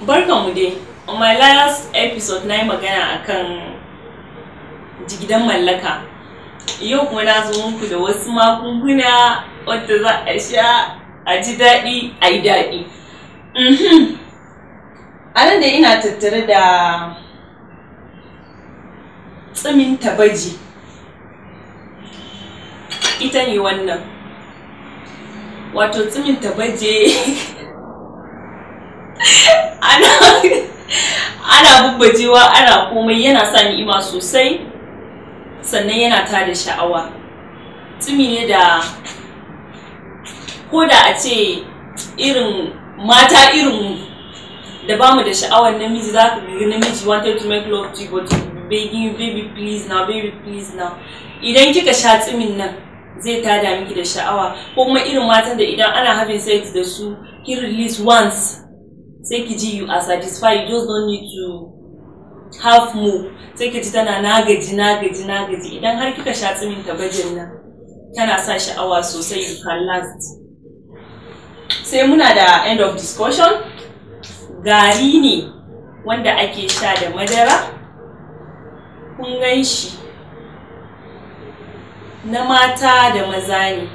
Barkanmu dai, on my last episode na yi magana akan jigidan mallaka. Yau kuma na zo muku da wasu magunguna wadda za a sha a ji daɗi a yi daɗi. Mhm. A nan da ina tattare da tsimin tabaji. Ita ne wannan. Wato tsimin tabaje ana bubbajewa ana komai yana sa ni'ima sosai sannan yana ta da sha'awa tumi ne da ko da a ce irin mata irin da bamu da sha'awar namiji za ka ga namiji wanted to make love to you begging you baby please now baby please now idan kika sha tsimin nan zai tada miki da sha'awa ko kuma irin matan da idan ana having sex da su ki release once sai ki ji you are satisfied you just don't need to half mu sai ki ji tana gaji, na gaji. idan har kika sha tsimin ta bajin nan tana sa sha'awa sosai you can last sai muna da end of discussion gari ne wanda ake sha da madara kun gan na mata da maza ne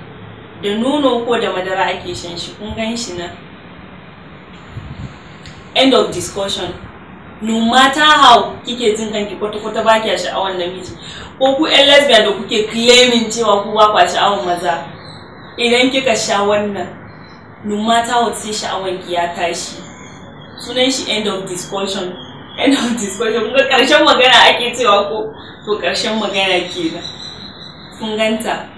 da nono ko da madara ake shan shi kun gan shi nan end of discussion no matter how kike jin kanki kwata kwata ba kiya sha'awar namiji ko ku yan lesbian da kuke claiming cewa ku ba kwa sha'awar maza idan kika sha wannan no matter what sai sha'awar ki ya tashi sunan shi end of discussion end of discussion kun karshen magana ake cewa ko to karshen magana kenan kun ganta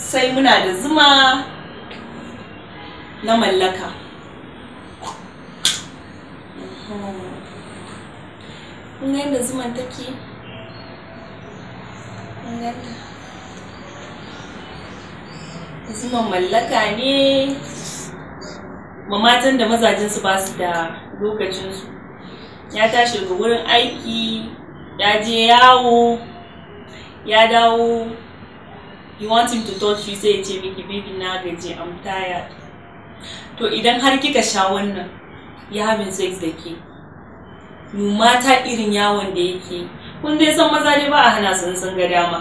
sai muna da zuma na mallaka kun da zuman take zuman mallaka ne ma matan da mazajinsu ba su da su ya tashi daga wurin aiki ya je yawo ya dawo you want him to touch you sai ya ce miki baby na gaji I'm tired to idan har kika sha wannan ya having sex da ke mata irin yawon da yake kun dai san maza dai ba a hana sun sun ga dama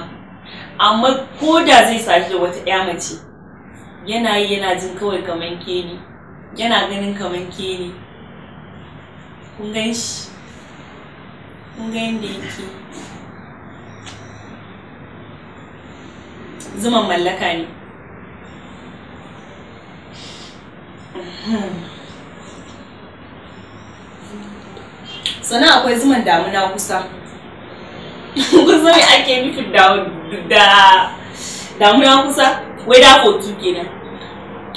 amma ko da zai saki da wata ɗaya mace yana yi yana jin kawai kaman ke ne yana ganin kaman ke ne kun gan shi kun ga yadda yake zuman mallaka ne sannan akwai zuman damuna kusa kun sani ake nufin damuna kusa wai da fotu kenan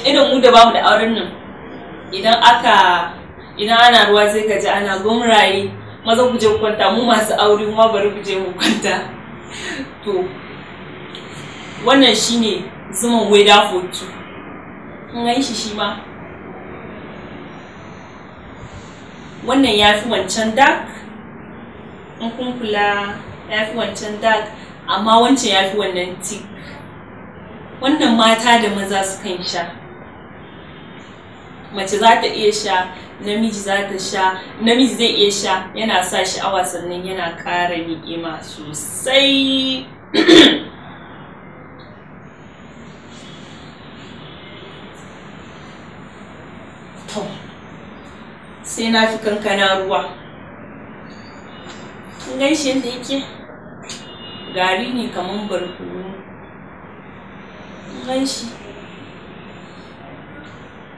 idan mu da bamu da auren nan idan aka idan ana ruwa sai ka ji ana gomraye maza ku je kwanta mu masu aure ma bari ku je mu kwanta to wannan shine zuman wai da fotu kun shi shi ma wannan ya fi wancan dark in kun kula ya fi wancan dark amma wancan ya fi wannan tick wannan mata da maza sukan sha mace za ta iya sha namiji za ta sha namiji zai iya sha yana sa sha'awa sannan yana ƙara ni'ima sosai sai na fi kankana ruwa kin gan shi yadda yake gari ne kaman barkuru kin gan shi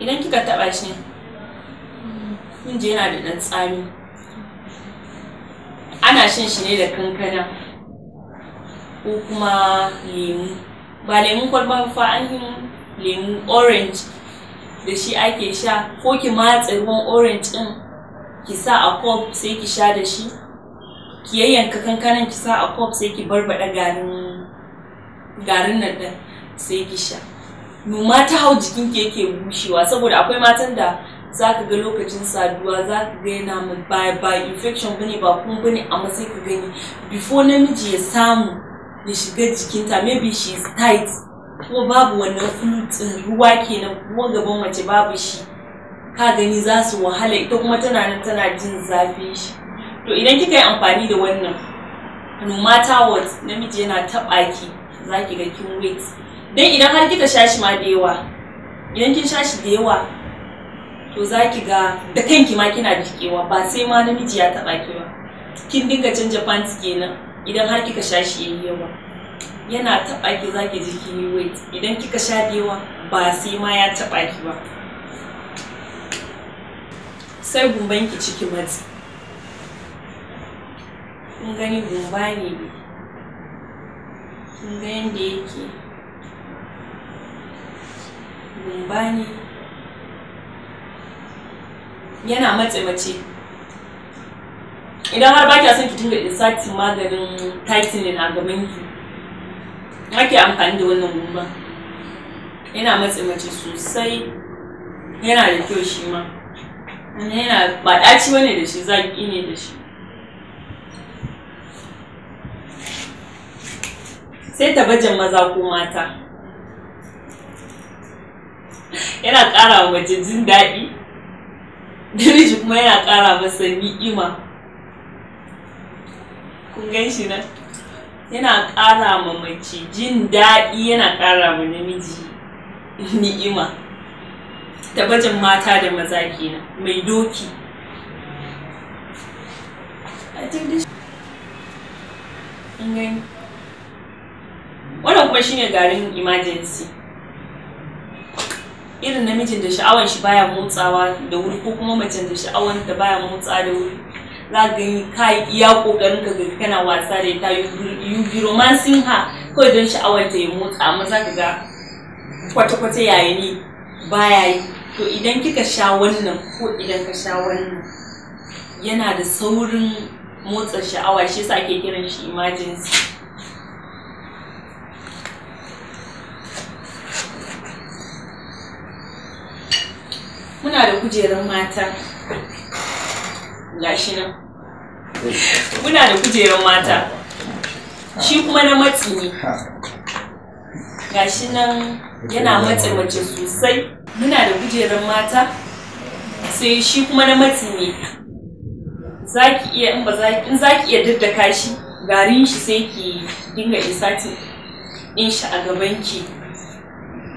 idan kika taɓa shi kun je yana da ɗan tsami ana shan shi ne da kankana ko kuma lemu ba lemun kwalba fa an yi lemu orange da shi ake sha ko ki matse ruwan orange ɗin ki sa a cup sai ki sha da shi ki yayyanka kankanan ki sa a cup sai ki barbaɗa garin nan ɗin sai ki sha numa ta hau jikin ki yake bushewa saboda akwai matan da za ka ga lokacin saduwa za ka ga yana mu bye ba infection bane ba kuma bane amma sai ka gani before namiji ya samu ya shiga jikinta maybe she is tight kuma babu wannan flutsin ruwa kenan kuma gaban mace babu shi ka gani za su wahala ita kuma tana nan tana jin zafi shi to idan kika yi amfani da wannan no matter what namiji yana taɓa ki za ki ga kin wait dan idan har kika sha shi ma da yawa idan kin sha shi da yawa to za ki ga da kanki ma kina jikewa ba sai ma namiji ya taɓa ki ba kin dinga canja pants kenan idan har kika sha shi yayi yawa yana taɓa ki zaki ji ki weight idan kika sha dewa yawa ba sai ma ya taɓa ki ba sai gumban ki ciki matsi kun gani gumba ne kun ga yadda yake gumba ne yana matse mace idan har ba kya san ki dinga inserting maganin tightening a gaban ki ake amfani da wannan gumba yana matse mace sosai yana da kyau shi ma yana ba ɗaci bane da shi zaƙi ne da shi sai tabajin maza ko mata yana ƙara wa mace jin daɗi namiji kuma yana ƙara masa ni'ima kun gan shi nan yana ƙara ma mace jin daɗi yana ƙara ma namiji ni'ima tabbacin mata da maza kenan mai doki wannan kuma shine garin emergency irin namijin da sha'awar shi baya motsawa da wuri ko kuma macen da sha'awar da baya motsawa da wuri za ka yi ka iya kokarin ka ga kana wasa da ita you be romancing ha. kawai don sha'awar ta ya motsa amma za ka ga kwata-kwata yayi ne baya yi to idan kika sha wannan ko idan ka sha wannan yana da saurin motsa sha'awa shi yasa ake kiran shi emergency muna da kujerar mata gashi nan muna da kujerar mata shi kuma na matsi ne gashi nan yana matse mace sosai muna da kujerar mata sai shi kuma na matsi ne in za ki iya daddaka shi garin shi sai ki dinga isatin din shi a gaban ki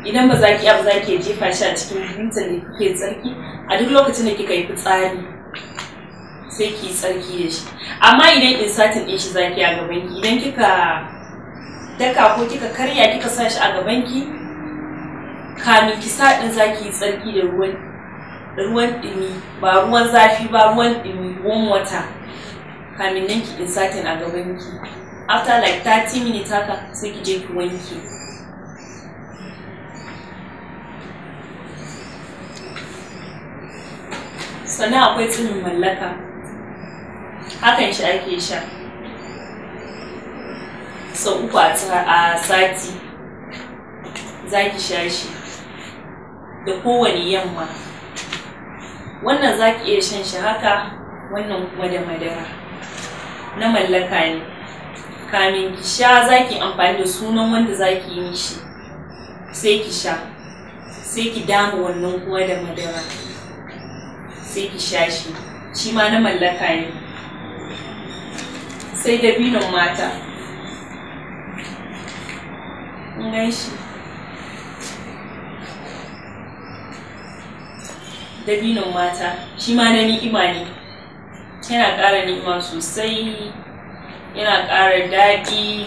idan ba za zaki iya ba zaki jefa shi a cikin butan da kike tsarki a duk lokacin da kika yi fitsari sai ki tsarki da shi amma idan insatin ɗin shi zaki a gaban ki idan kika daka ko kika karya kika sa shi a gaban ki kamin ki sa din zaki tsarki da ruwan ruwan ɗumi ba ruwan zafi ba ruwan ɗumi warm water kamin nan ki insatin a gaban ki after like 30 minutes haka sai ki je ki wanke sannan akwai tsinin mallaka hakan shi ake sha sau uku a sati za ki sha shi da kowane yamma wannan za ki iya shan shi haka wannan kuma da madara na mallaka ne kamin ki sha za ki amfani da sunan wanda za ki yi shi sai ki sha sai ki dama wannan kuma da madara sai ki sha shi shi ma na mallaka ne sai dabinin mata in shi dabinin mata shi ma na ni'ima ne yana ƙara ni'ima sosai yana ƙara daɗi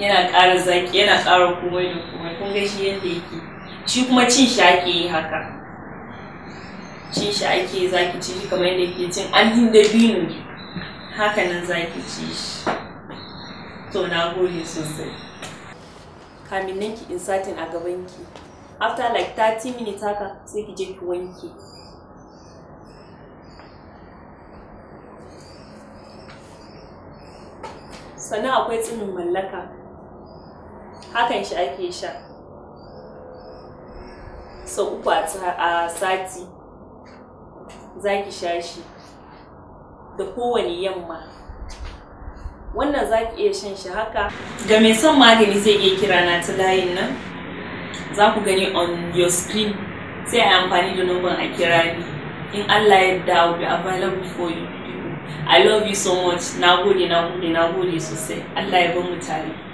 yana ƙara zaƙi yana ƙara komai da komai kun ga shi yadda yake shi kuma cin shi ake yi haka cin shi ake zaki cin shi kamar yadda yake cin an dabino hakanan za ki ci shi to na gode sosai kamin nan ki insatin a gabanki after like 30 minutes haka sai ki je ki wanke sannan akwai tsinin mallaka hakan shi ake sha sau uku a sati za ki sha shi da kowane yamma wannan za ki iya shan shi haka ga mai son magani zai iya kira na ta layin nan za ku gani on your screen sai a amfani da numban a kira ni in allah ya dawo be available for you i love you so much na gode na gode na gode sosai allah ya bar mu tare